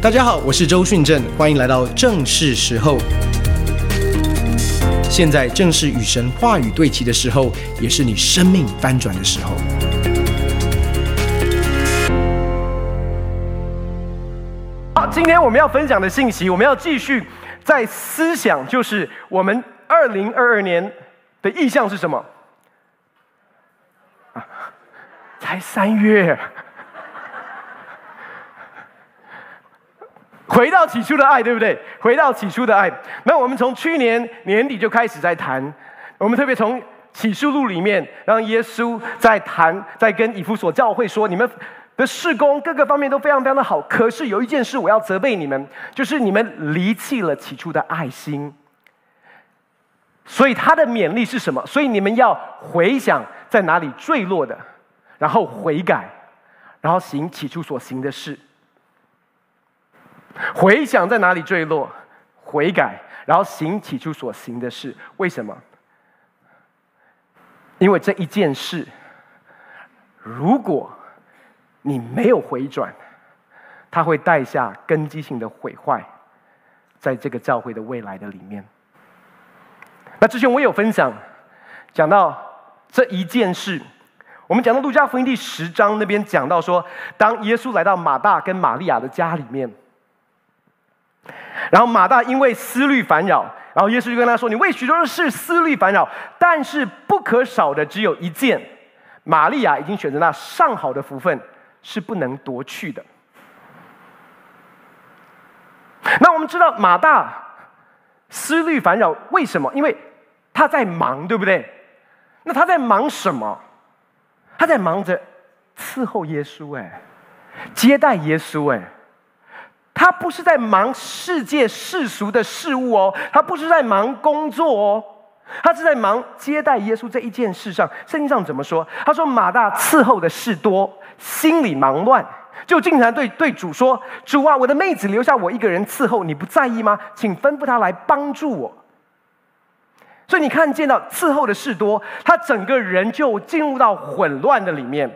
大家好，我是周迅正，歡迎來到正是時候。現在正是與神話語對齊的時候，也是你生命翻轉的時候。好、啊，今天我們要分享的信息，我們要繼續在思想，就是我們二零二二年的意向是什麼、啊？才三月。回到起初的愛，對不對？回到起初的愛。那我們從去年年底就開始在談，我們特別從《啟示錄》裡面，讓耶穌在談，在跟以弗所教會說：“你們的事工各個方面都非常非常的好，可是有一件事我要責備你們，就是你們離棄了起初的愛心。”所以他的勉勵是什麼？所以你們要回想在哪裡墜落的，然後悔改，然後行起初所行的事。回想在哪裡墜落，悔改，然後行起初所行的事。為什麼？因為這一件事，如果你沒有回轉，它會帶下根基性的毀壞，在這個教會的未來的裡面。那之前我有分享，講到這一件事，我們講到路加福音第十章那邊講到說，當耶穌來到馬大跟瑪利亞的家裡面。然後馬大因為思慮煩擾，然後耶穌就跟他說：“你為許多的事思慮煩擾，但是不可少的只有一件，瑪利亞已經選擇了那上好的福分，是不能奪去的。”那我們知道馬大思慮煩擾為什麼？因為他在忙，對不對？那他在忙什麼？他在忙着伺候耶穌，哎，接待耶穌耶，哎。他不是在忙世界世俗的事物哦，他不是在忙工作哦，他是在忙接待耶穌這一件事上。聖經上怎麼說？他說：“馬大伺候的事多，心裡忙亂，就經常對對主說：‘主啊，我的妹子留下我一個人伺候，你不在意嗎？請吩咐她來幫助我。’所以你看見到伺候的事多，他整個人就進入到混亂的裡面。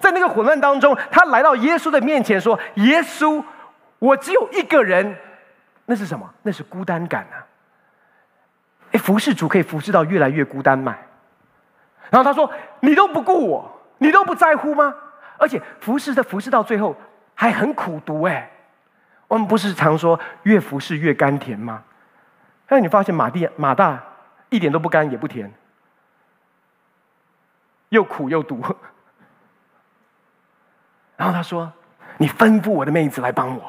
在那個混亂當中，他來到耶穌的面前說：耶穌。我只有一個人，那是什麼？那是孤單感啊！哎，服侍主可以服侍到越來越孤單嗎？然後他說：“你都不顧我，你都不在乎嗎？”而且服侍的服侍到最後還很苦毒哎！我們不是常說越服侍越甘甜嗎？但你發現馬地馬大一點都不甘也不甜，又苦又毒。然後他說：“你吩咐我的妹子來幫我。”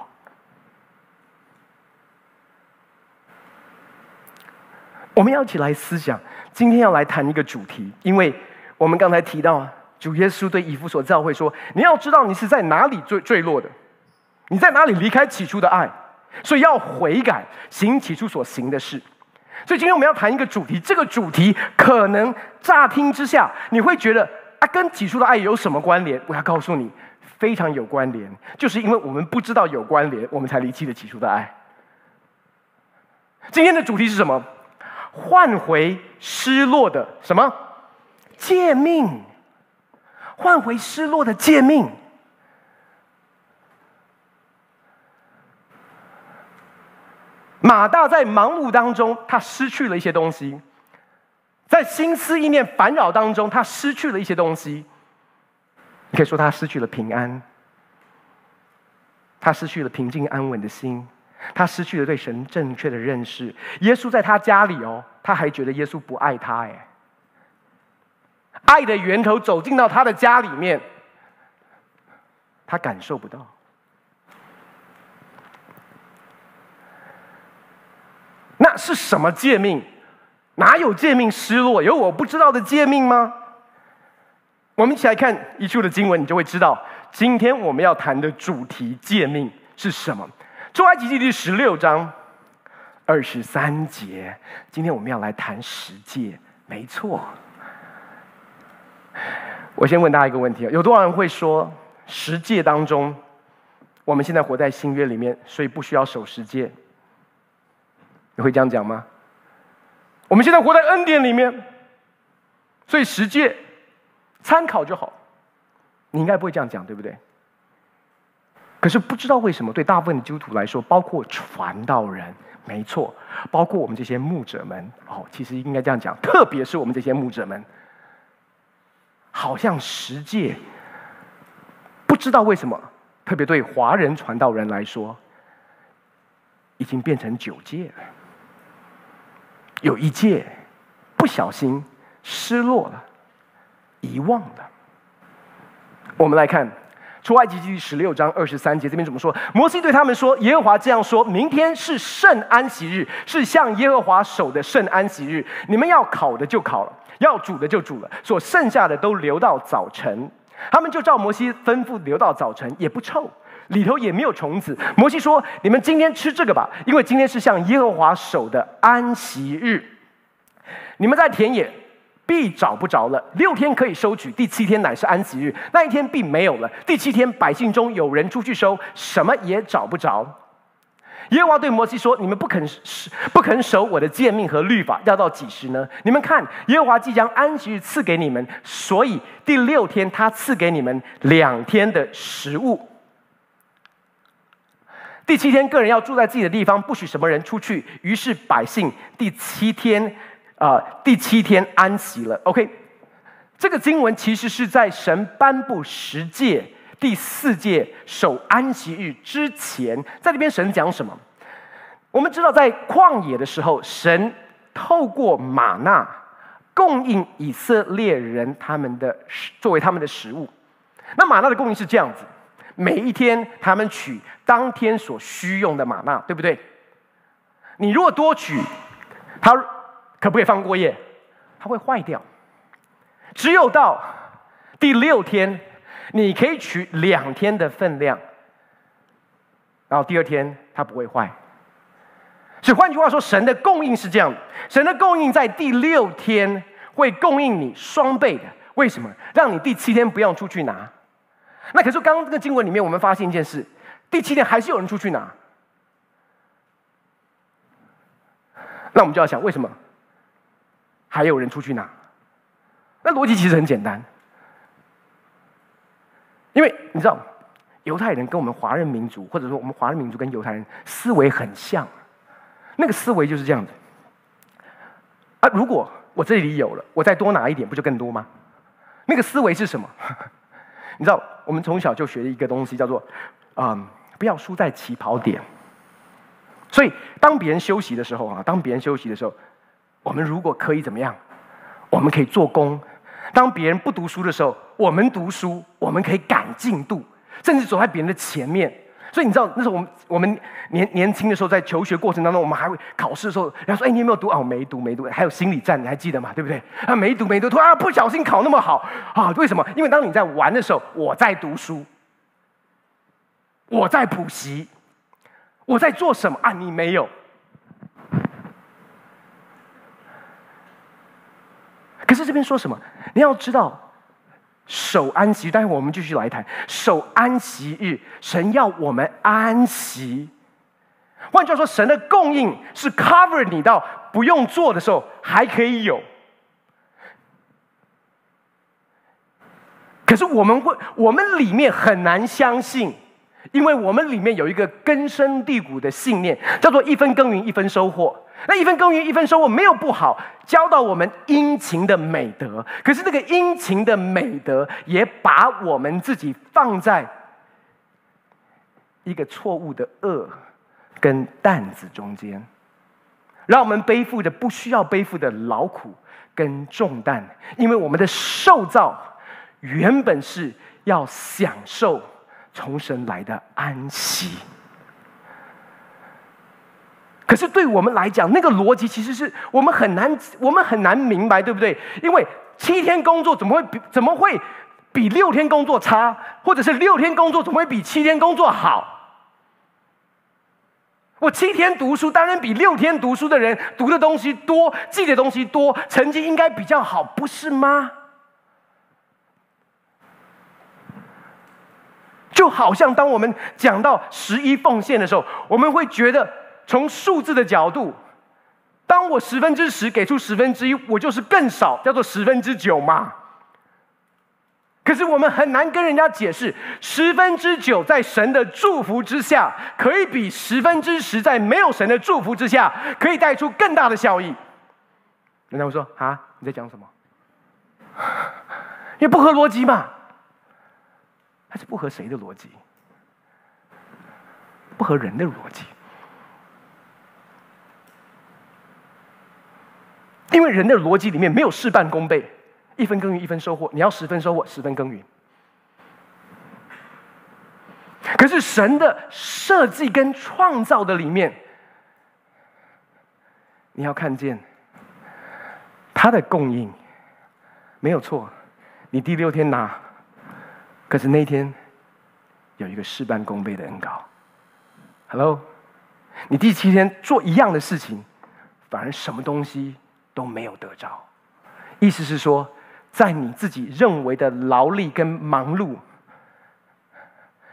我們要一起來思想，今天要來談一個主題，因為我們剛才提到啊，主耶穌對以弗所教會說：“你要知道你是在哪裡墜墜落的，你在哪裡離開起初的愛，所以要悔改，行起初所行的事。”所以今天我們要談一個主題，這個主題可能乍聽之下你會覺得啊，跟起初的愛有什麼關聯？我要告訴你，非常有關聯，就是因為我們不知道有關聯，我們才離棄了起初的愛。今天的主題是什麼？喚回失落的什麼？誡命。喚回失落的誡命。馬大在忙碌當中，他失去了一些東西；在心思意念煩擾當中，他失去了一些東西。你可以說他失去了平安，他失去了平靜安穩的心。他失去了對神正確的認識。耶穌在他家裡哦，他還覺得耶穌不愛他哎。愛的源頭走進到他的家裡面，他感受不到。那是什麼誡命？哪有誡命失落？有我不知道的誡命嗎？我們一起來看一處的經文，你就會知道今天我們要談的主題誡命是什麼？出埃及記第十六章二十三節，今天我們要來談十誡。沒錯，我先問大家一個問題：有多少人會說十誡當中，我們現在活在新約裡面，所以不需要守十誡？你會這樣講嗎？我們現在活在恩典裡面，所以十誡參考就好。你應該不會這樣講，對不對？可是不知道為什麼，對大部分的基督徒來說，包括傳道人，沒錯，包括我們這些牧者們，哦，其實應該這樣講，特別是我們這些牧者們，好像十誡，不知道為什麼，特別對華人傳道人來說，已經變成九誡了。有一誡，不小心失落了，遺忘了。我們來看。出埃及記第十六章二十三節，這邊怎麼說？摩西對他們說：“耶和華這樣說：明天是聖安息日，是向耶和華守的聖安息日。你們要烤的就烤了，要煮的就煮了，所剩下的都留到早晨。他們就照摩西吩咐留到早晨，也不臭，裡頭也沒有蟲子。摩西說：你們今天吃這個吧，因為今天是向耶和華守的安息日。你們在田野。”必找不着了，六天可以收取，第七天乃是安息日，那一天必沒有了。第七天，百姓中有人出去收，什麼也找不着。耶和華對摩西說：“你們不肯不肯守我的誡命和律法，要到幾時呢？你們看，耶和華既將安息日賜給你們，所以第六天他賜給你們兩天的食物。第七天，個人要住在自己的地方，不許什麼人出去。於是百姓第七天。”啊、呃，第七天安息了。OK，這個經文其實是在神頒布十誡第四誡守安息日之前，在那邊神講什麼？我們知道，在曠野的時候，神透過嗎哪供應以色列人他們的作為他們的食物。那嗎哪的供應是這樣子：每一天，他們取當天所需用的嗎哪，對不對？你如果多取，他。可不可以放過夜？它會壞掉。只有到第六天，你可以取兩天的分量，然後第二天它不會壞。所以換句話說，神的供應是這樣：神的供應在第六天會供應你雙倍的。為什麼？讓你第七天不要出去拿。那可是剛剛這個經文裡面，我們發現一件事：第七天還是有人出去拿。那我們就要想，為什麼？還有人出去拿，那邏輯其實很簡單，因為你知道，猶太人跟我們華人民族，或者說我們華人民族跟猶太人思維很像，那個思維就是這樣子。啊，如果我這裡有了，我再多拿一點，不就更多嗎？那個思維是什麼？呵呵你知道，我們從小就學一個東西，叫做“啊、嗯，不要輸在起跑點”。所以，當別人休息的時候啊，當別人休息的時候。我們如果可以怎麼樣？我們可以做工。當別人不讀書的時候，我們讀書。我們可以趕進度，甚至走在別人的前面。所以你知道，那時候我們我們年年輕的時候，在求學過程當中，我們還會考試的時候，人家說：“哎，你有沒有讀？”哦、啊，我沒讀，沒讀。還有心理戰，你還記得嗎？對不對？啊，沒讀，沒讀，突然不小心考那麼好啊？為什麼？因為當你在玩的時候，我在讀書，我在補習，我在做什麼啊？你沒有。可是這邊說什麼？你要知道，守安息。待會我們繼續來談守安息日，神要我們安息。換句話說，神的供應是 cover 你到不用做的時候還可以有。可是我們會，我們裡面很難相信。因為我們裡面有一個根深蒂固的信念，叫做“一分耕耘一分收穫”。那一分耕耘一分收穫沒有不好，教到我們殷勤的美德。可是那個殷勤的美德，也把我們自己放在一個錯誤的軛跟擔子中間，讓我們背負着不需要背負的勞苦跟重擔。因為我們的受造原本是要享受。重生來的安息，可是對我們來講，那個邏輯其實是我們很難，我們很難明白，對不對？因為七天工作怎麼會比怎麼會比六天工作差，或者是六天工作怎麼會比七天工作好？我七天讀書，當然比六天讀書的人讀的東西多，記的東西多，成績應該比較好，不是嗎？就好像當我們講到十一奉獻的時候，我們會覺得從數字的角度，當我十分之十給出十分之一，我就是更少，叫做十分之九嘛。可是我們很難跟人家解釋，十分之九在神的祝福之下，可以比十分之十在沒有神的祝福之下，可以帶出更大的效益。人家會說：啊，你在講什麼？也不合邏輯嘛。它是不合誰的邏輯，不合人的邏輯，因為人的邏輯裡面沒有事半功倍，一分耕耘一分收穫，你要十分收穫，十分耕耘。可是神的設計跟創造的裡面，你要看見他的供應，沒有錯，你第六天拿。可是那一天，有一個事半功倍的恩膏，Hello，你第七天做一樣的事情，反而什麼東西都沒有得着。意思是說，在你自己認為的勞力跟忙碌、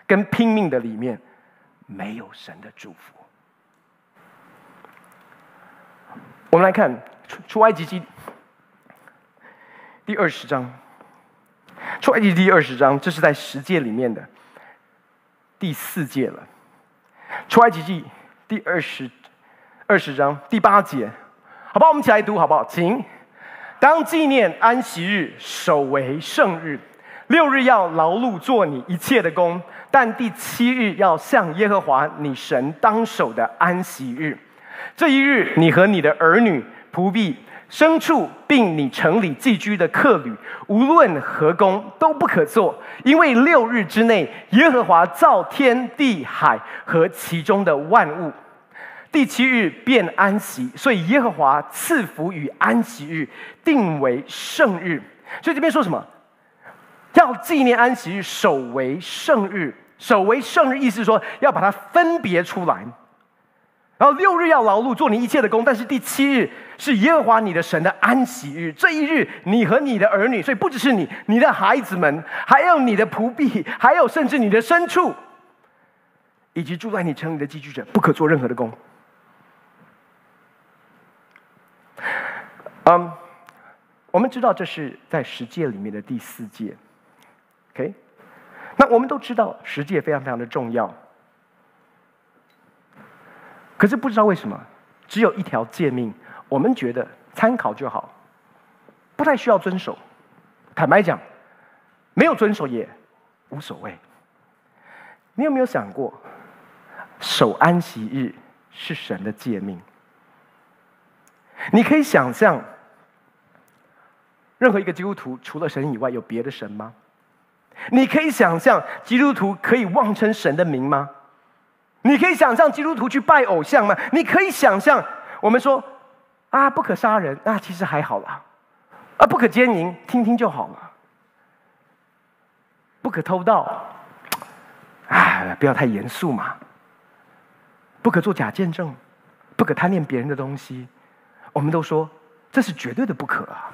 跟拼命的裡面，沒有神的祝福。我們來看出出埃及記第二十章。出埃及記第二十章，這是在十誡裡面的第四誡了。出埃及記第二十、二十章第八節，好不好？我們一起來讀好不好？請。當紀念安息日，守為聖日。六日要勞碌做你一切的工，但第七日要向耶和華你神當守的安息日。這一日，你和你的兒女、僕婢。牲畜，並你城裡寄居的客旅，無論何工，都不可做，因為六日之內，耶和華造天地海和其中的萬物，第七日便安息，所以耶和華賜福與安息日，定為聖日。所以這邊說什麼？要紀念安息日，守為聖日，守為聖日，意思說要把它分別出來。然後六日要勞碌做你一切的工，但是第七日是耶和華你的神的安息日。這一日，你和你的兒女，所以不只是你，你的孩子們，還有你的僕婢，還有甚至你的牲畜，以及住在你城裡的寄居者，不可做任何的工。嗯，um，我們知道這是在十誡裡面的第四誡。OK，那我們都知道十誡非常非常的重要。可是不知道為什麼，只有一條誡命，我們覺得參考就好，不太需要遵守。坦白講，沒有遵守也無所謂。你有沒有想過，守安息日是神的誡命？你可以想象，任何一個基督徒除了神以外有別的神嗎？你可以想象，基督徒可以妄稱神的名嗎？你可以想象基督徒去拜偶像嗎？你可以想象我們說，啊，不可殺人，啊，其實還好啦，啊，不可奸淫，聽聽就好了，不可偷盜，哎，不要太嚴肅嘛，不可做假見證，不可貪戀別人的東西，我們都說這是絕對的不可啊，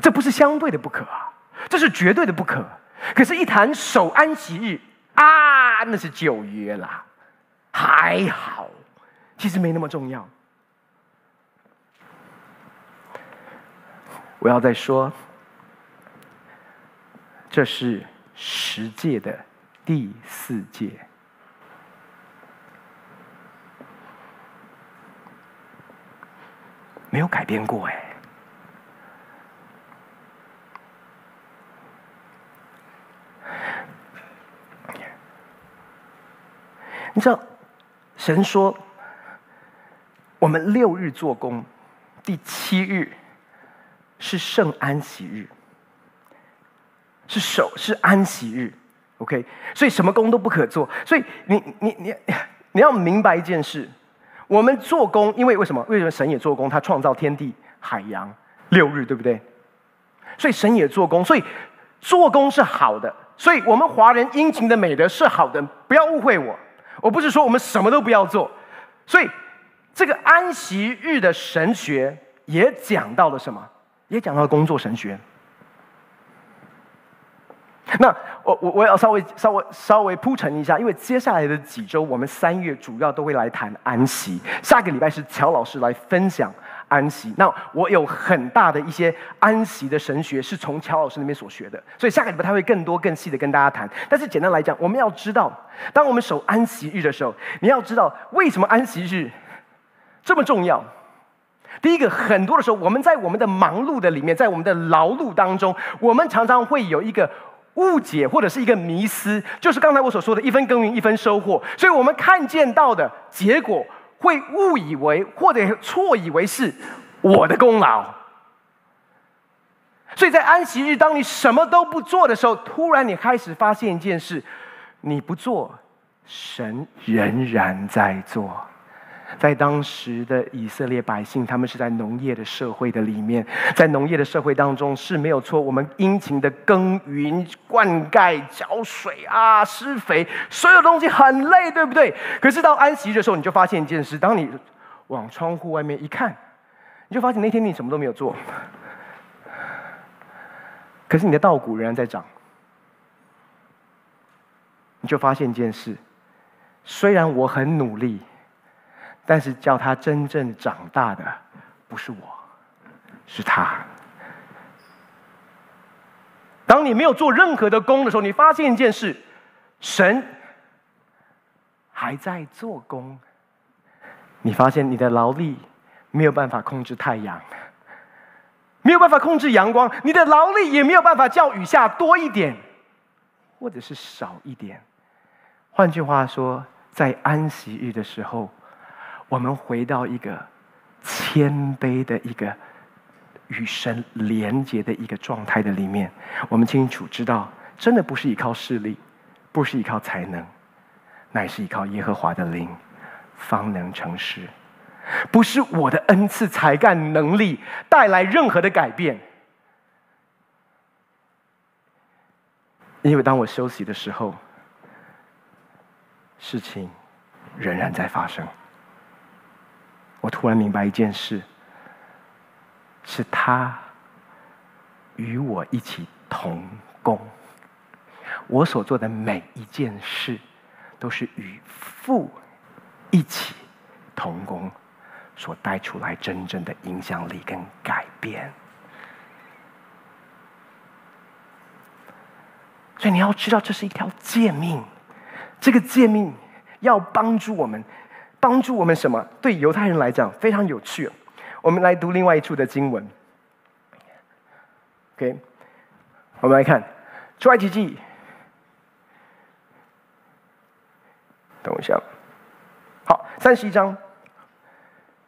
這不是相對的不可啊，這是絕對的不可。可是，一談守安息日。真的是舊約啦，還好，其實沒那麼重要。我要再說，這是十誡的第四誡，沒有改變過哎。你知道，神說我們六日做工，第七日是聖安息日，是守是安息日，OK。所以什麼工都不可做。所以你你你你要明白一件事：我們做工，因為為什麼？為什麼神也做工？他創造天地海洋，六日對不對？所以神也做工，所以做工是好的。所以我們華人殷勤的美德是好的，不要誤會我。我不是說我們什麼都不要做，所以這個安息日的神學也講到了什麼，也講到了工作神學。那我我我要稍微稍微稍微鋪陳一下，因為接下來的幾周，我們三月主要都會來談安息。下個禮拜是喬老師來分享。安息。那我有很大的一些安息的神學是從喬老師那邊所學的，所以下個禮拜他會更多、更細的跟大家談。但是簡單來講，我們要知道，當我們守安息日的時候，你要知道為什麼安息日這麼重要。第一個，很多的時候，我們在我們的忙碌的裡面，在我們的勞碌當中，我們常常會有一個誤解或者是一個迷思，就是剛才我所說的“一分耕耘一分收穫”，所以我們看見到的結果。會誤以為或者錯以為是我的功勞。所以在安息日，當你什麼都不做的時候，突然你開始發現一件事，你不做，神仍然在做。在當時的以色列百姓，他們是在農業的社會的裡面，在農業的社會當中是沒有錯。我們殷勤的耕耘、灌溉、澆水啊，施肥，所有東西很累，對不對？可是到安息的時候，你就發現一件事：當你往窗戶外面一看，你就發現那天你什麼都沒有做，可是你的稻穀仍然在長。你就發現一件事：雖然我很努力。但是叫他真正長大的不是我，是他。當你沒有做任何的工的時候，你發現一件事，神還在做工。你發現你的勞力沒有辦法控制太陽，沒有辦法控制陽光，你的勞力也沒有辦法叫雨下多一點，或者是少一點。換句話說，在安息日的時候，我們回到一個謙卑的一個與神連接的一個狀態的裡面，我們清楚知道，真的不是依靠勢力，不是依靠才能，乃是依靠耶和華的靈，方能成事。不是我的恩賜、才幹、能力帶來任何的改變。因為當我休息的時候，事情仍然在發生。我突然明白一件事：是他與我一起同工，我所做的每一件事，都是與父一起同工所帶出來真正的影響力跟改變。所以你要知道，這是一條誡命，這個誡命要幫助我們。幫助我們什麼？對猶太人來講非常有趣。我們來讀另外一處的經文。OK，我們來看出埃及記。等一下，好，三十一章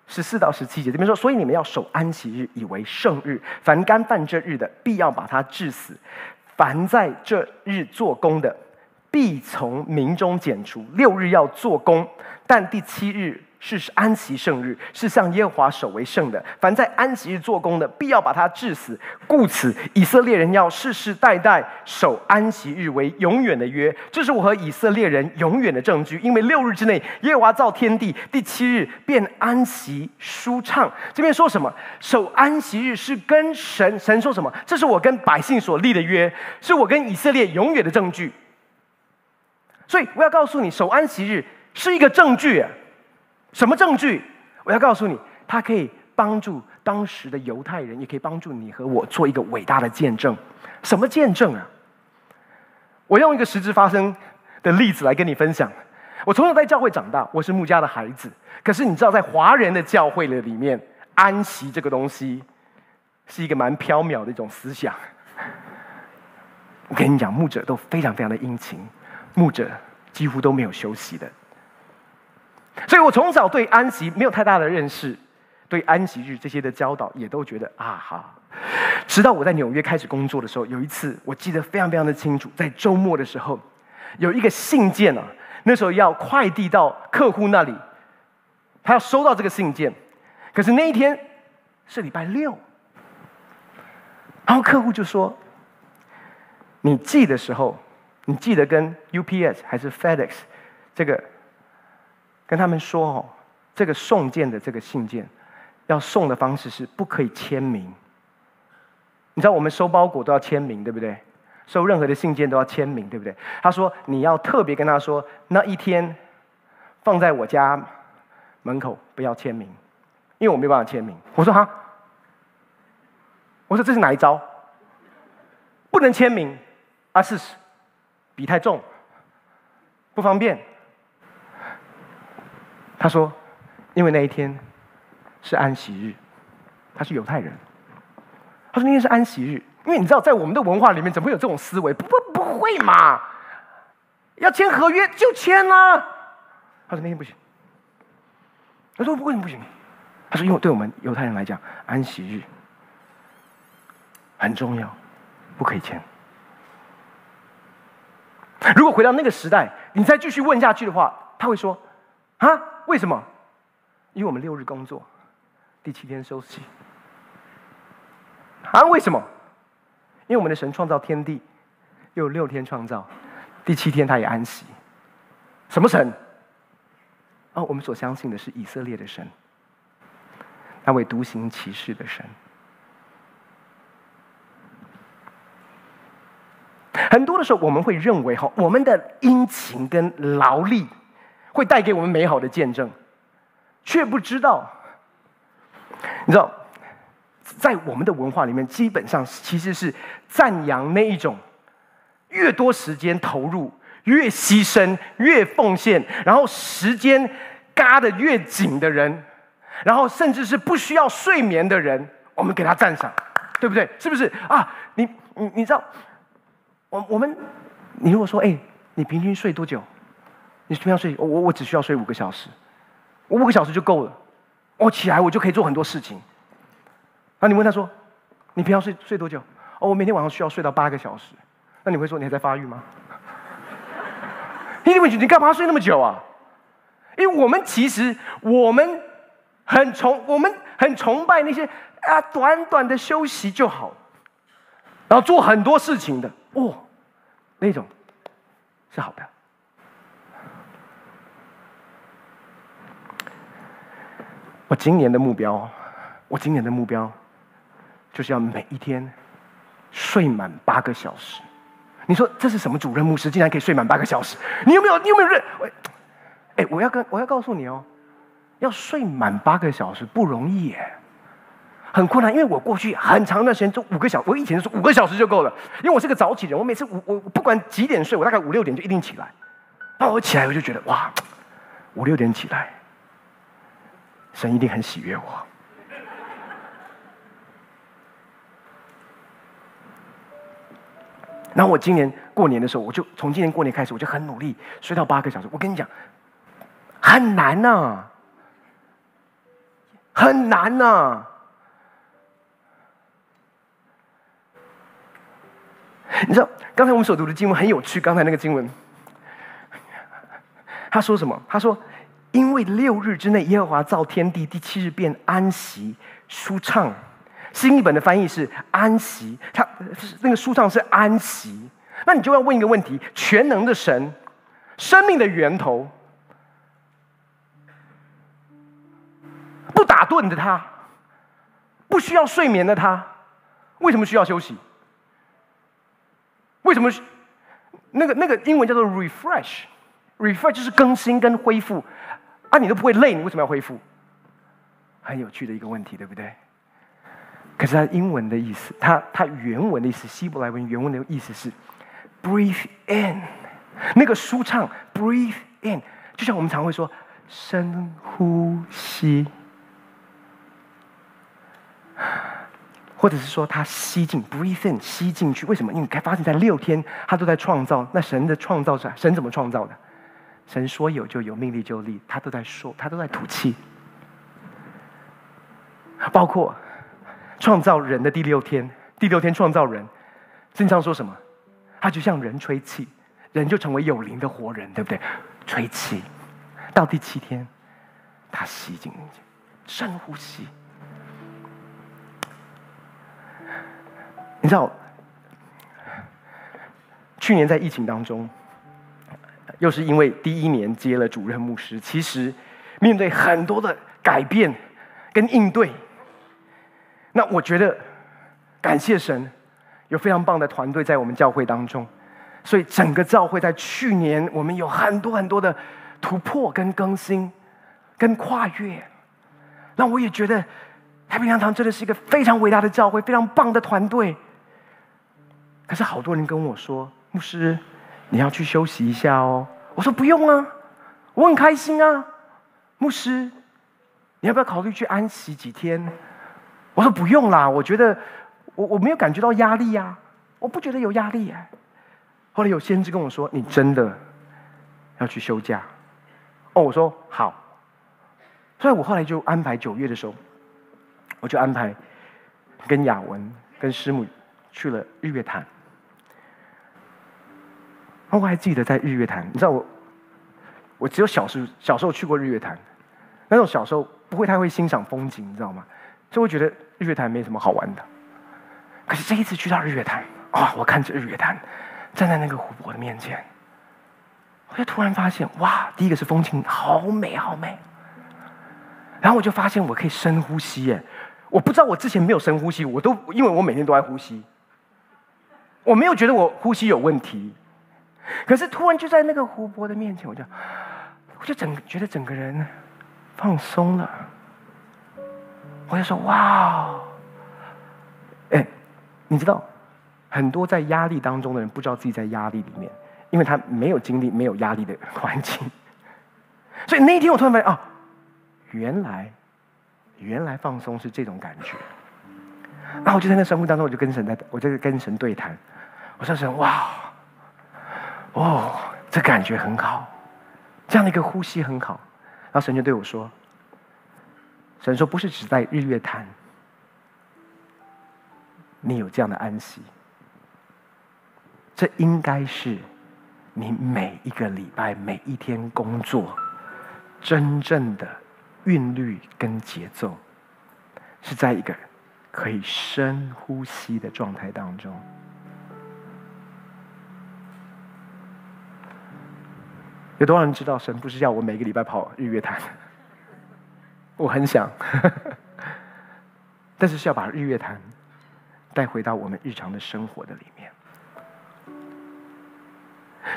十四到十七節這邊說：所以你們要守安息日，以為聖日。凡干犯這日的，必要把他治死。凡在這日做工的，必從民中剪除。六日要做工，但第七日是安息聖日，是向耶和華守為聖的。凡在安息日做工的，必要把他治死。故此，以色列人要世世代代守安息日為永遠的約。這是我和以色列人永遠的證據。因為六日之內，耶和華造天地，第七日便安息舒暢。這邊說什麼？守安息日是跟神神說什麼？這是我跟百姓所立的約，是我跟以色列永遠的證據。所以我要告訴你，守安息日是一個證據啊。什麼證據？我要告訴你，它可以幫助當時的猶太人，也可以幫助你和我做一個偉大的見證。什麼見證啊？我用一個實質發生的例子來跟你分享。我從小在教會長大，我是牧家的孩子。可是你知道，在華人的教會裡面，安息這個東西是一個蠻飄渺的一種思想。我跟你講，牧者都非常非常的殷勤。牧者幾乎都沒有休息的，所以我從小對安息沒有太大的認識，對安息日這些的教導也都覺得啊哈。直到我在紐約開始工作的時候，有一次我記得非常非常的清楚，在周末的時候有一個信件啊，那時候要快遞到客戶那裡，他要收到這個信件，可是那一天是禮拜六，然後客戶就說：“你寄的時候。”你記得跟 UPS 還是 FedEx 這個跟他們說哦，這個送件的這個信件，要送的方式是不可以簽名。你知道我們收包裹都要簽名，對不對？收任何的信件都要簽名，對不對？他說你要特別跟他說那一天放在我家門口不要簽名，因為我沒辦法簽名。我說哈。我說這是哪一招？不能簽名啊，試試。筆太重，不方便。他說：“因為那一天是安息日，他是猶太人。他說那天是安息日，因為你知道，在我們的文化裡面，怎麼會有這種思維？不會不，不會嘛！要簽合約就簽啊。他說那天不行。他說：“為什麼不行？”他說：“因為對我們猶太人來講，安息日很重要，不可以簽。”如果回到那個時代，你再繼續問下去的話，他會說：“啊，為什麼？因為我們六日工作，第七天休息。啊，為什麼？因為我們的神創造天地，又有六天創造，第七天他也安息。什麼神？啊、哦，我們所相信的是以色列的神，那位獨行奇事的神。”很多的時候，我們會認為哈，我們的殷勤跟勞力會帶給我們美好的見證，卻不知道，你知道，在我們的文化裡面，基本上其實是讚揚那一種越多時間投入、越犧牲、越奉獻，然後時間嘎得越緊的人，然後甚至是不需要睡眠的人，我們給他讚賞，對不對？是不是啊？你你你知道？我我們，你如果說，哎、欸，你平均睡多久？你平常睡，我我我只需要睡五個小時，我五個小時就夠了。我起來我就可以做很多事情。那你問他說，你平常睡睡多久？哦，我每天晚上需要睡到八個小時。那你會說，你還在發育嗎？你為你幹嘛睡那麼久啊？因為我們其實我們很崇我們很崇拜那些啊短短的休息就好，然後做很多事情的哦。那種是好的。我今年的目標，我今年的目標就是要每一天睡滿八個小時。你說這是什麼主任牧師，竟然可以睡滿八個小時？你有沒有？你有沒有認？我、欸、我要跟我要告訴你哦，要睡滿八個小時不容易耶很困難，因為我過去很長一段時間就五個小，我以前是五個小時就夠了，因為我是個早起人，我每次五我不管幾點睡，我大概五六點就一定起來。那我起來我就覺得哇，五六點起來，神一定很喜悅我。然後我今年過年的時候，我就從今年過年開始，我就很努力睡到八個小時。我跟你講，很難吶，很難吶。你知道剛才我們所讀的經文很有趣。剛才那個經文，他說什麼？他說：“因為六日之內，耶和華造天地，第七日便安息舒暢。”新譯本的翻譯是“安息”，他那個“舒暢”是“安息”。那你就要問一個問題：全能的神，生命的源頭，不打盹的他，不需要睡眠的他，為什麼需要休息？為什麼？那個那個英文叫做 refresh，refresh ref 就是更新跟恢復，啊，你都不會累，你為什麼要恢復？很有趣的一個問題，對不對？可是它英文的意思，它它原文的意思，希伯來文原文的意思是 breathe in，那個舒暢 breathe in，就像我們常會說深呼吸。或者是說他吸進，breathe in，吸進去，為什麼？因為發生在六天，他都在創造。那神的創造者，神怎麼創造的？神說有就有，命立就立，他都在說，他都在吐氣。包括創造人的第六天，第六天創造人，經常說什麼？他就向人吹氣，人就成為有靈的活人，對不對？吹氣。到第七天，他吸進，深呼吸。你知道，去年在疫情當中，又是因為第一年接了主任牧師，其實面對很多的改變跟應對，那我覺得感謝神有非常棒的團隊在我們教會當中，所以整個教會，在去年我們有很多很多的突破、跟更新、跟跨越，那我也覺得太平洋堂真的是一個非常偉大的教會，非常棒的團隊。可是好多人跟我說：“牧師，你要去休息一下哦。”我說：“不用啊，我很開心啊。”牧師，你要不要考慮去安息幾天？我說：“不用啦，我覺得我我沒有感覺到壓力呀、啊，我不覺得有壓力。”哎，後來有先知跟我說：“你真的要去休假？”哦，我說：“好。”所以我後來就安排九月的時候，我就安排跟雅文、跟師母。去了日月潭，然後我還記得在日月潭。你知道我，我只有小時小時候去過日月潭。那種小時候不會太會欣賞風景，你知道嗎？就會覺得日月潭沒什麼好玩的。可是這一次去到日月潭，啊，我看着日月潭，站在那個湖泊的面前，我就突然發現，哇！第一個是風景好美，好美。然後我就發現我可以深呼吸，哎，我不知道我之前沒有深呼吸，我都因為我每天都在呼吸。我沒有覺得我呼吸有問題，可是突然就在那個湖泊的面前，我就，我就整覺得整個人放鬆了，我就說哇、哦，哎，你知道，很多在壓力當中的人不知道自己在壓力裡面，因為他沒有經歷沒有壓力的環境，所以那一天我突然發現哦，原來，原來放鬆是這種感覺，然後，啊，我就在那生活當中，我就跟神在，我就跟神對談。我說：“神，哇，哦，這感覺很好，這樣的一個呼吸很好。”然後神就對我說：“神說，不是只在日月潭，你有這樣的安息，這應該是你每一個禮拜、每一天工作真正的韻律跟節奏，是在一個可以深呼吸的狀態當中。”有多少人知道神不是要我每個禮拜跑日月潭？我很想，但是是要把日月潭帶回到我們日常的生活的裡面。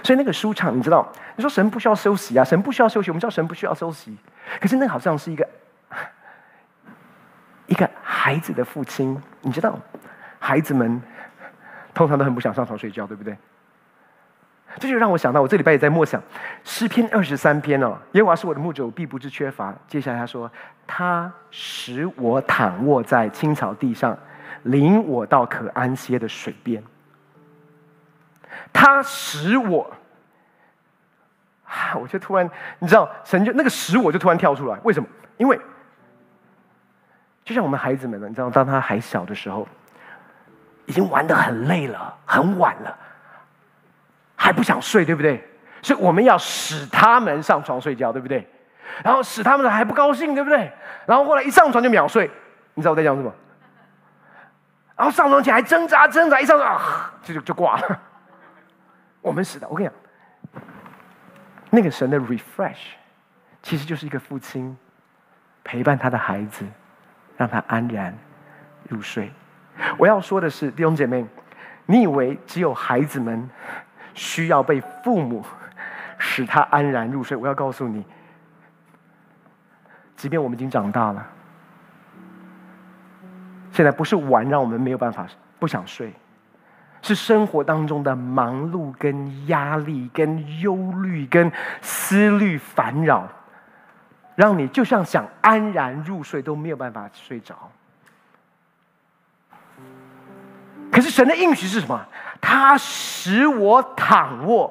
所以那個舒暢，你知道？你說神不需要休息啊，神不需要休息，我們知道神不需要休息。可是那好像是一個一個孩子的父親，你知道？孩子們通常都很不想上床睡覺，對不對？這就讓我想到，我這禮拜也在默想詩篇二十三篇哦。耶和華是我的牧者，我必不致缺乏。接下來他說：“他使我躺臥在青草地上，領我到可安歇的水邊。他使我……哈！我就突然，你知道，神就那個使我就突然跳出來，為什麼？因為就像我們孩子們，你知道，當他還小的時候，已經玩得很累了，很晚了。”還不想睡，對不對？所以我們要使他們上床睡覺，對不對？然後使他們還不高興，對不對？然後後來一上床就秒睡，你知道我在講什麼？然後上床前還掙扎掙扎，一上床、啊、就就就掛了。我們死的。我跟你講，那個神的 refresh 其實就是一個父親陪伴他的孩子，讓他安然入睡。我要說的是，弟兄姐妹，你以為只有孩子們？需要被父母使他安然入睡。我要告訴你，即便我們已經長大了，現在不是玩讓我們沒有辦法不想睡，是生活當中的忙碌、跟壓力、跟憂慮、跟思慮煩擾，讓你就像想安然入睡都沒有辦法睡着。可是神的應許是什麼？他使我躺臥。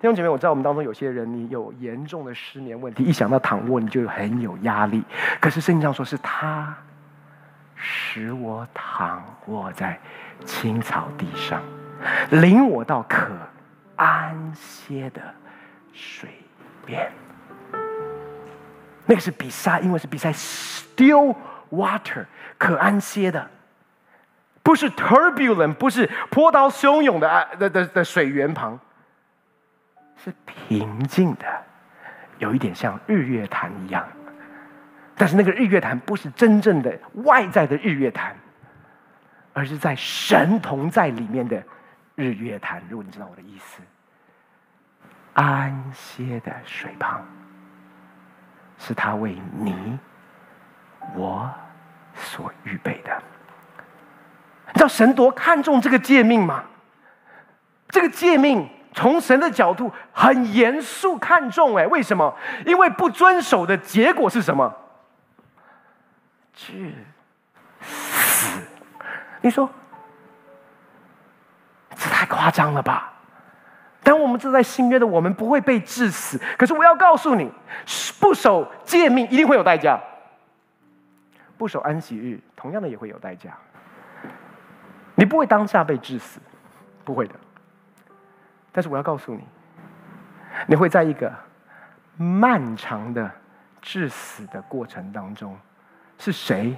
弟兄姐妹，我知道我們當中有些人，你有嚴重的失眠問題，一想到躺臥你就很有壓力。可是聖經上說是他使我躺臥在青草地上，領我到可安歇的水邊。那個是比賽，因為是比賽，still water 可安歇的。不是 turbulent，不是波濤洶湧的啊在在在水源旁，是平靜的，有一點像日月潭一樣，但是那個日月潭不是真正的外在的日月潭，而是在神同在裡面的日月潭。如果你知道我的意思，安歇的水旁，是他為你我所預備的。你知道神多看重這個誡命嗎？這個誡命從神的角度很嚴肅看重，哎，為什麼？因為不遵守的結果是什麼？治死！你說這太誇張了吧？當我們正在新約的我們不會被治死，可是我要告訴你，不守誡命一定會有代價。不守安息日，同樣的也會有代價。你不會當下被治死，不會的。但是我要告訴你，你會在一個漫長的治死的過程當中，是誰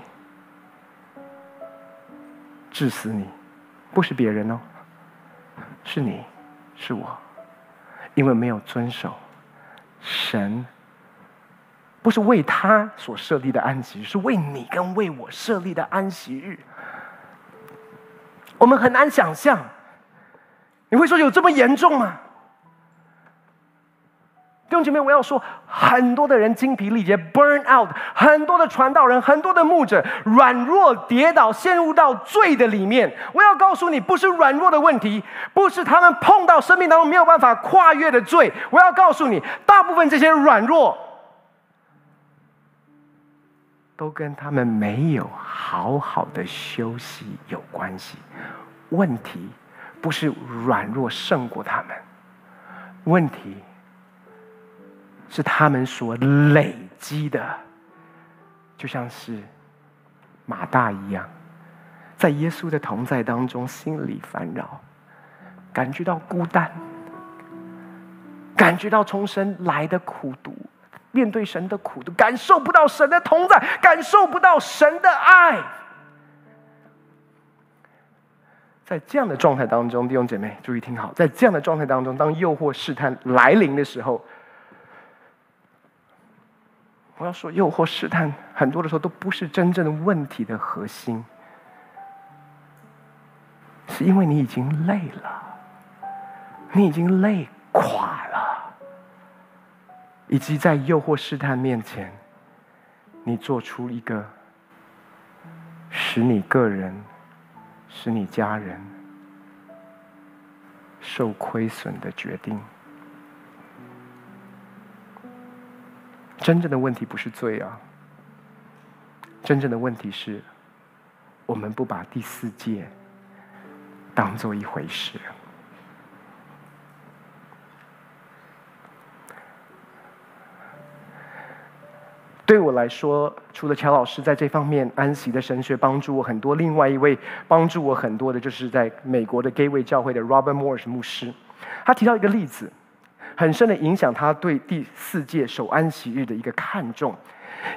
治死你？不是別人哦，是你，是我，因為沒有遵守神，不是為他所設立的安息日，是為你跟為我設立的安息日。我們很難想象，你會說有這麼嚴重嗎？弟兄姐妹，我要說，很多的人精疲力竭，burn out，很多的傳道人，很多的牧者軟弱跌倒，陷入到罪的裡面。我要告訴你，不是軟弱的問題，不是他們碰到生命當中沒有辦法跨越的罪。我要告訴你，大部分這些軟弱，都跟他們沒有好好的休息有關係。問題不是軟弱勝過他們，問題是他們所累積的，就像是馬大一樣，在耶穌的同在當中，心裡煩擾，感覺到孤單，感覺到從生來的苦毒。面對神的苦，都感受不到神的同在，感受不到神的愛。在這樣的狀態當中，弟兄姐妹注意聽好，在這樣的狀態當中，當誘惑試探來臨的時候，我要說，誘惑試探很多的時候都不是真正的問題的核心，是因為你已經累了，你已經累垮了。以及在誘惑試探面前，你做出一個使你個人、使你家人受虧損的決定，真正的問題不是罪啊，真正的問題是我們不把第四誡當做一回事。對我來說，除了喬老師在這方面安息的神學幫助我很多，另外一位幫助我很多的就是在美國的 Gateway 教會的 Robert Morris 牧師，他提到一個例子，很深地影響他對第四誡守安息日的一個看重。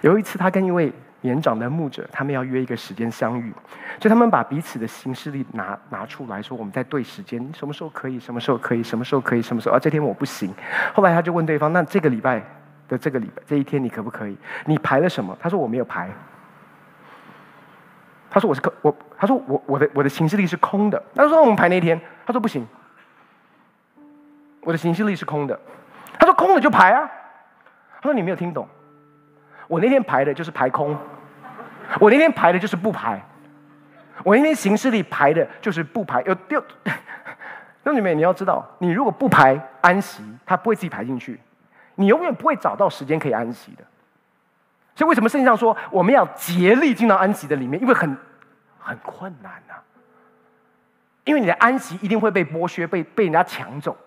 有一次，他跟一位年長的牧者，他們要約一個時間相遇，就他們把彼此的行事歷拿拿出來說，我們在對時間，什麼時候可以，什麼時候可以，什麼時候可以，什麼時候可以啊？這天我不行。後來他就問對方，那這個禮拜？這個禮拜這一天，你可不可以？你排了什麼？他說我沒有排。他說我是空，我他說我我的我的行事曆是空的。他說我們排那天，他說不行，我的行事曆是空的。他說空了就排啊。他說你沒有聽懂，我那天排的就是排空，我那天排的就是不排，我那天行事曆排的就是不排。有那你們， 你要知道，你如果不排安息，他不會自己排進去。你永遠不會找到時間可以安息的，所以為什麼聖經上說我們要竭力進到安息的裡面？因為很很困難吶、啊，因為你的安息一定會被剝削，被被人家搶走。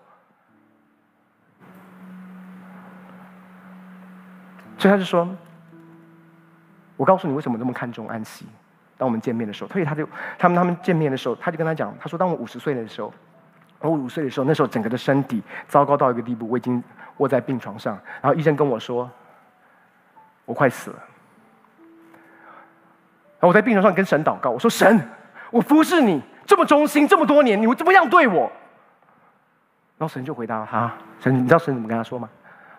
所以他就說：“我告訴你，為什麼那麼看重安息？當我們見面的時候，所以他就他們他們見面的時候，他就跟他講，他說：當我五十歲的時候，我五歲的時候，那時候整個的身體糟糕到一個地步，我已經。”臥在病床上，然後醫生跟我說：“我快死了。”然後我在病床上跟神禱告，我說：“神，我服侍你這麼忠心這麼多年，你會怎麼樣對我？”然後神就回答他、啊：“神，你知道神怎麼跟他說嗎？”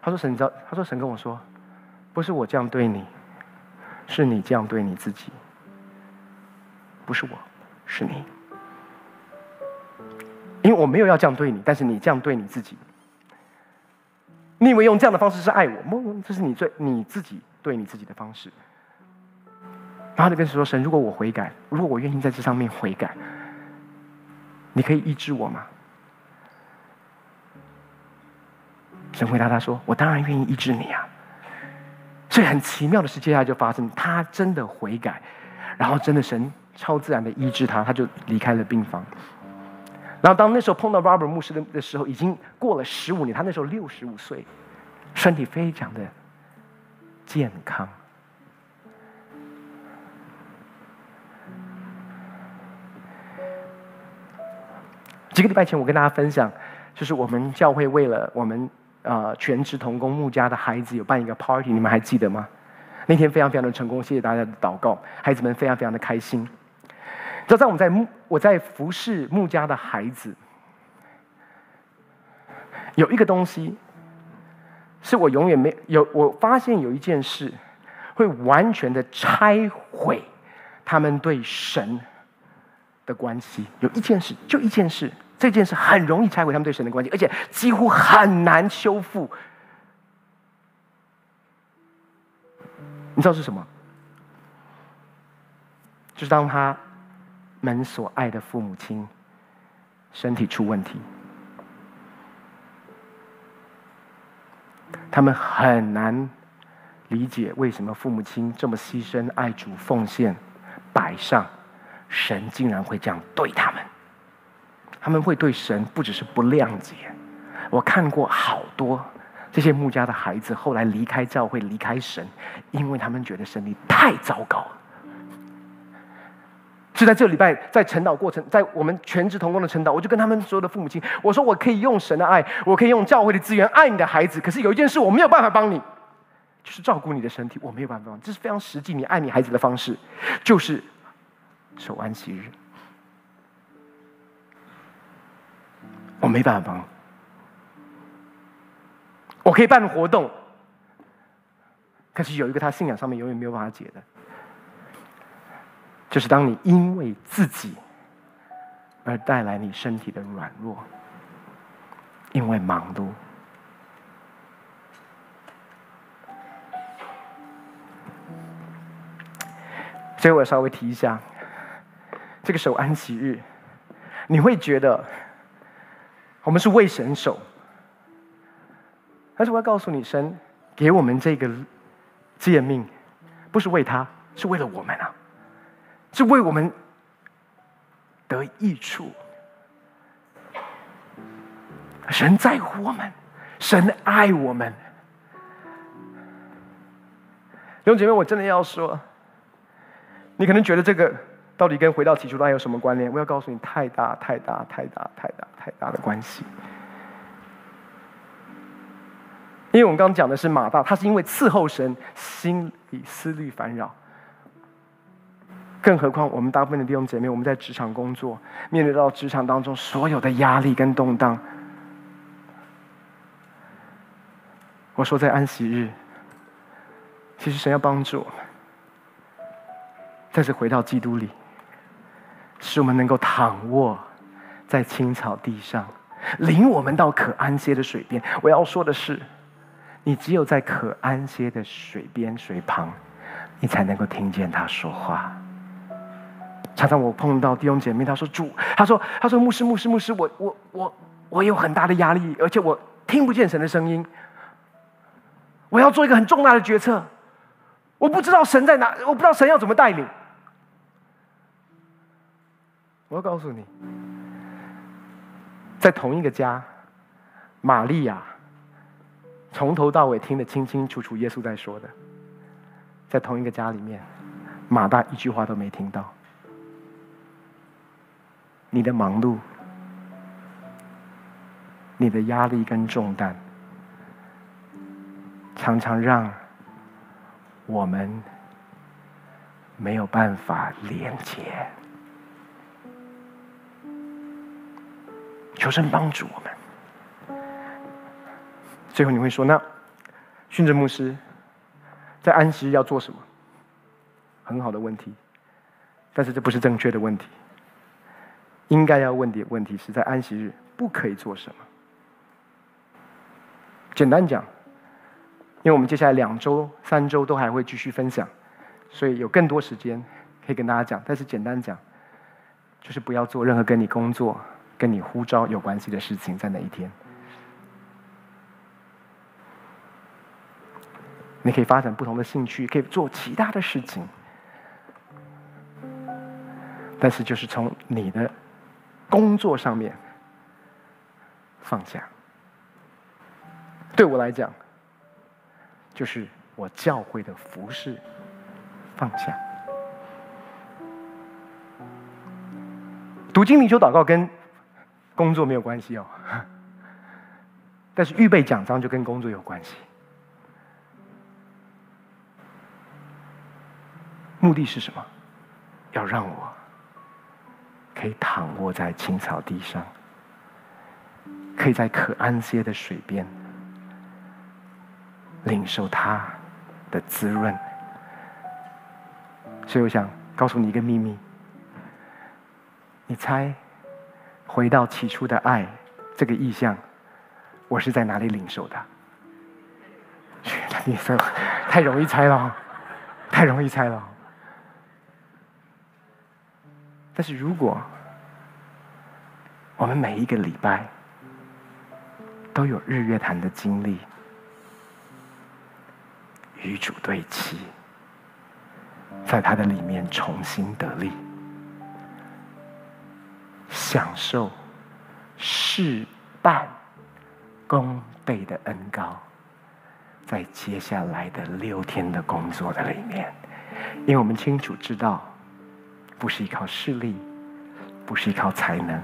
他說：“神，你知道？”他說：“神跟我說，不是我這樣對你，是你這樣對你自己，不是我，是你。因為我沒有要這樣對你，但是你這樣對你自己。”你以為用這樣的方式是愛我嗎？這是你最你自己對你自己的方式。然後他那邊說：“神，如果我悔改，如果我願意在這上面悔改，你可以醫治我嗎？”神回答他說：“我當然願意醫治你啊。”所以很奇妙的是，接下來就發生，他真的悔改，然後真的神超自然的醫治他，他就離開了病房。然後，當那時候碰到 Robert 牧師的的時候，已經過了十五年。他那時候六十五歲，身體非常的健康。幾個禮拜前，我跟大家分享，就是我們教會為了我們啊、呃、全職同工牧家的孩子有辦一個 party，你們還記得嗎？那天非常非常的成功，謝謝大家的禱告，孩子們非常非常的開心。就在我們在木，我在服侍木家的孩子，有一個東西，是我永遠沒有。我發現有一件事，會完全的拆毀他們對神的關係。有一件事，就一件事，這件事很容易拆毀他們對神的關係，而且幾乎很難修復。你知道是什麼？就是當他們所愛的父母親身體出問題，他們很難理解，為什麼父母親這麼犧牲、愛主、奉獻、擺上，神竟然會這樣對他們。他們會對神不只是不諒解。我看過好多這些牧家的孩子，後來離開教會、離開神，因為他們覺得神力太糟糕。就在這禮拜，在晨禱過程，在我們全職同工的晨禱，我就跟他們所有的父母親，我說：“我可以用神的愛，我可以用教會的資源愛你的孩子。可是有一件事我沒有辦法幫你，就是照顧你的身體，我沒有辦法，這是非常實際，你愛你孩子的方式，就是守安息日。我沒辦法幫，我可以辦活動，可是有一個他信仰上面永遠沒有辦法解的。”就是當你因為自己而帶來你身體的軟弱，因為忙碌，所以我稍微提一下，這個守安息日，你會覺得我們是為神守，但是我要告訴你神，神給我們這個誡命，不是為他，是為了我們啊。是為我們得益處，神在乎我們，神愛我們。弟兄姐妹，我真的要說，你可能覺得這個到底跟回到起初的愛有什麼關聯？我要告訴你，太大太大太大太大太大的關係。因為我們剛剛講的是馬大，他是因為伺候神，心裡思慮煩擾。更何況，我們大部分的弟兄姐妹，我們在職場工作，面對到職場當中所有的壓力跟動盪。我說，在安息日，其實神要幫助我們，再次回到基督裡，使我們能夠躺臥在青草地上，領我們到可安歇的水邊。我要說的是，你只有在可安歇的水邊、水旁，你才能夠聽見他說話。常常我碰到弟兄姐妹，他說主，他說他說牧師牧師牧師，我我我我有很大的壓力，而且我聽不見神的聲音。我要做一個很重大的決策，我不知道神在哪，我不知道神要怎麼帶領。我要告訴你，在同一個家，瑪利亞從頭到尾聽得清清楚楚耶穌在說的，在同一個家裡面，馬大一句話都沒聽到。你的忙碌，你的壓力跟重擔，常常讓我們沒有辦法連接。求神幫助我們。最後你會說：那訓誡牧師在安息要做什麼？很好的問題，但是這不是正確的問題。應該要問的問題是，在安息日不可以做什麼？簡單講，因為我們接下來兩周、三周都還會繼續分享，所以有更多時間可以跟大家講。但是簡單講，就是不要做任何跟你工作、跟你呼召有關係的事情。在那一天，你可以發展不同的興趣，可以做其他的事情，但是就是從你的。工作上面，放下，對我來講，就是我教會的服侍放下。讀經、靈修、禱告跟工作沒有關係哦，但是預備講章就跟工作有關係。目的是什麼？要讓我。可以躺臥在青草地上，可以在可安歇的水邊，領受祂的滋潤。所以我想告訴你一個祕密，你猜，回到起初的愛這個意象，我是在哪裡領受的？你說太容易猜了，太容易猜了。但是，如果我們每一個禮拜都有日月潭的經歷，與主對齊，在他的裡面重新得力，享受事半功倍的恩膏，在接下來的六天的工作的裡面，因為我們清楚知道。不是依靠勢力，不是依靠才能，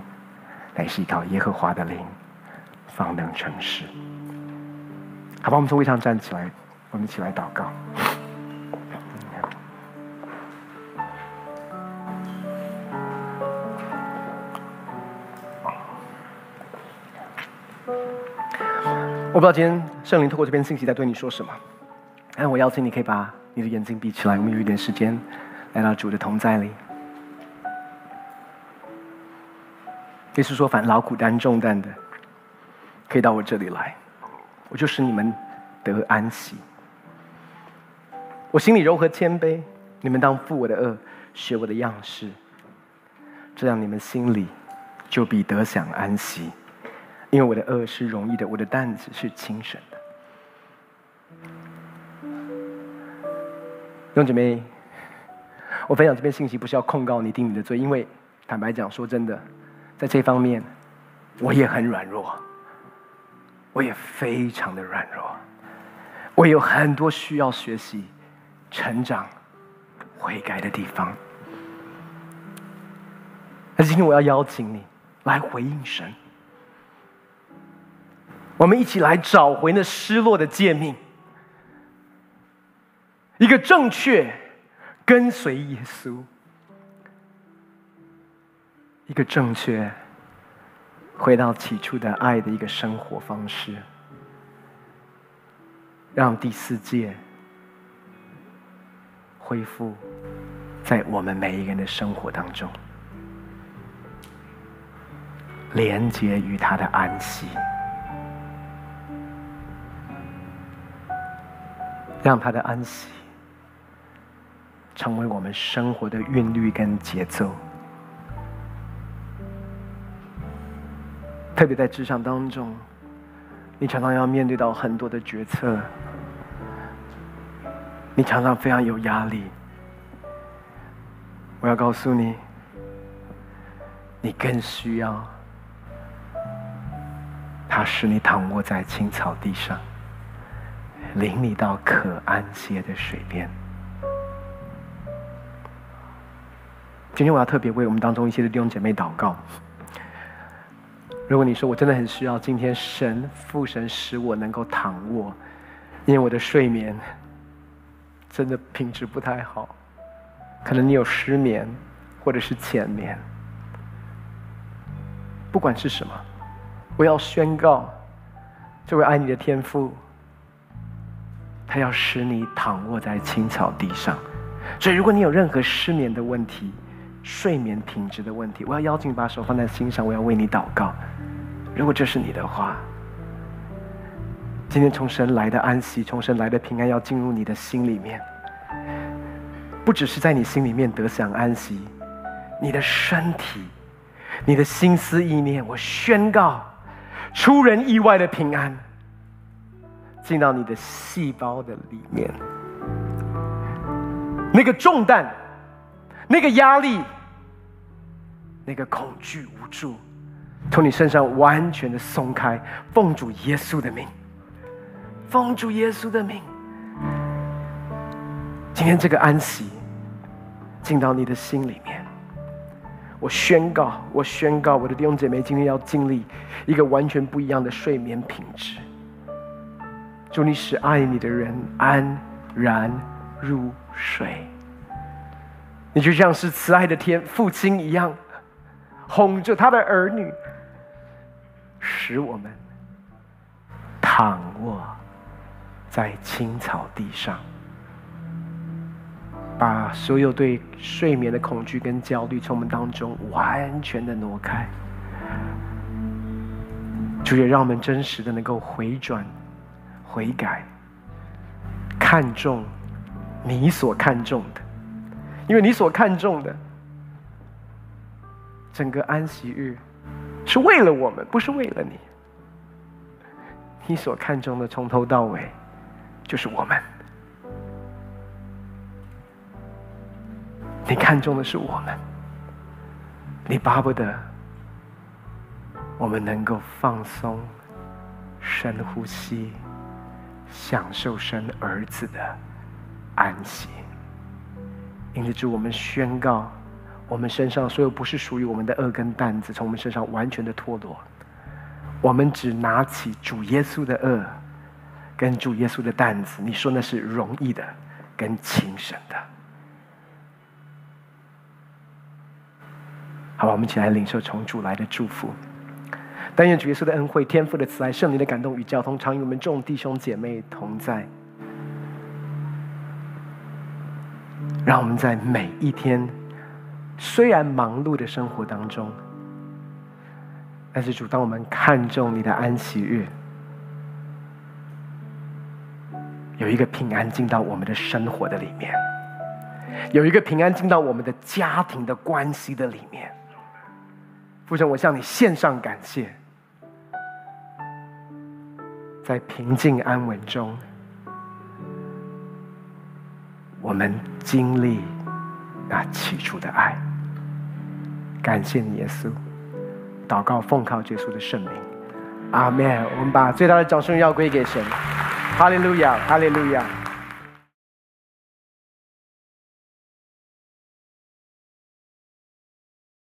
乃是依靠耶和華的靈，方能成事。好吧，我們從位上站起來，我們一起來禱告。嗯、我不知道今天聖靈透過這篇信息在對你說什麼。但我邀請你可以把你的眼睛閉起來，我們有一點時間來到主的同在裡。意思是說，凡勞苦擔重擔的，可以到我這裡來，我就使你們得安息。我心裡柔和謙卑，你們當負我的軛，學我的樣式，這樣你們心裡就必得享安息，因為我的軛是容易的，我的擔子是輕省的。弟兄姐妹，我分享這邊信息不是要控告你、定你的罪，因為坦白講，說真的。在這方面，我也很軟弱，我也非常的軟弱，我有很多需要學習、成長、悔改的地方。那今天我要邀請你來回應神，我們一起來找回那失落的誡命。一個正確跟隨耶穌。一個正確，回到起初的愛的一個生活方式，讓第四誡恢復在我們每一個人的生活當中，連接於他的安息，讓他的安息成為我們生活的韻律跟節奏。特別在職場當中，你常常要面對到很多的決策，你常常非常有壓力。我要告訴你，你更需要他使你躺臥在青草地上，領你到可安歇的水邊。今天我要特別為我們當中一些的弟兄姐妹禱告。如果你說，我真的很需要今天神，父神使我能夠躺臥，因為我的睡眠真的品質不太好，可能你有失眠或者是淺眠，不管是什麼，我要宣告這位愛你的天父，他要使你躺臥在青草地上。所以，如果你有任何失眠的問題，睡眠品質的問題，我要邀請把手放在心上，我要為你禱告。如果這是你的話，今天從神來的安息，從神來的平安要進入你的心裡面，不只是在你心裡面得享安息，你的身體、你的心思意念，我宣告出人意外的平安，進到你的細胞的裡面，那個重擔。那個壓力、那個恐懼、無助，從你身上完全的鬆開。奉主耶穌的名，奉主耶穌的名。今天這個安息進到你的心裡面。我宣告，我宣告，我的弟兄姐妹今天要經歷一個完全不一樣的睡眠品質。祝你使愛你的人安然入睡。你就像是慈愛的天父親一樣，哄着他的兒女，使我們躺臥在青草地上，把所有對睡眠的恐懼跟焦慮從我們當中完全的挪開。主也讓我們真實的能夠回轉、悔改，看重你所看重的。因為你所看重的整個安息日，是為了我們，不是為了你。你所看重的從頭到尾，就是我們。你看重的是我們，你巴不得我們能夠放鬆、深呼吸，享受生兒子的安息。因此，主，我們宣告，我們身上所有不是屬於我們的軛跟擔子，從我們身上完全的脫落。我們只拿起主耶穌的軛，跟主耶穌的擔子。你說那是容易的，跟輕省的。好吧，我們一起來領受從主來的祝福。但願主耶穌的恩惠、天父的慈愛、聖靈的感動與交通，常與我們眾弟兄姐妹同在。讓我們在每一天，雖然忙碌的生活當中，但是主，當我們看重你的安息日，有一個平安進到我們的生活的裡面，有一個平安進到我們的家庭的關係的裡面。父神，我向你獻上感謝，在平靜安穩中。我們經歷那起初的愛，感謝耶穌，禱告奉靠耶穌的聖名，阿門。我們把最大的掌聲要歸給神，哈利路亞，哈利路亞。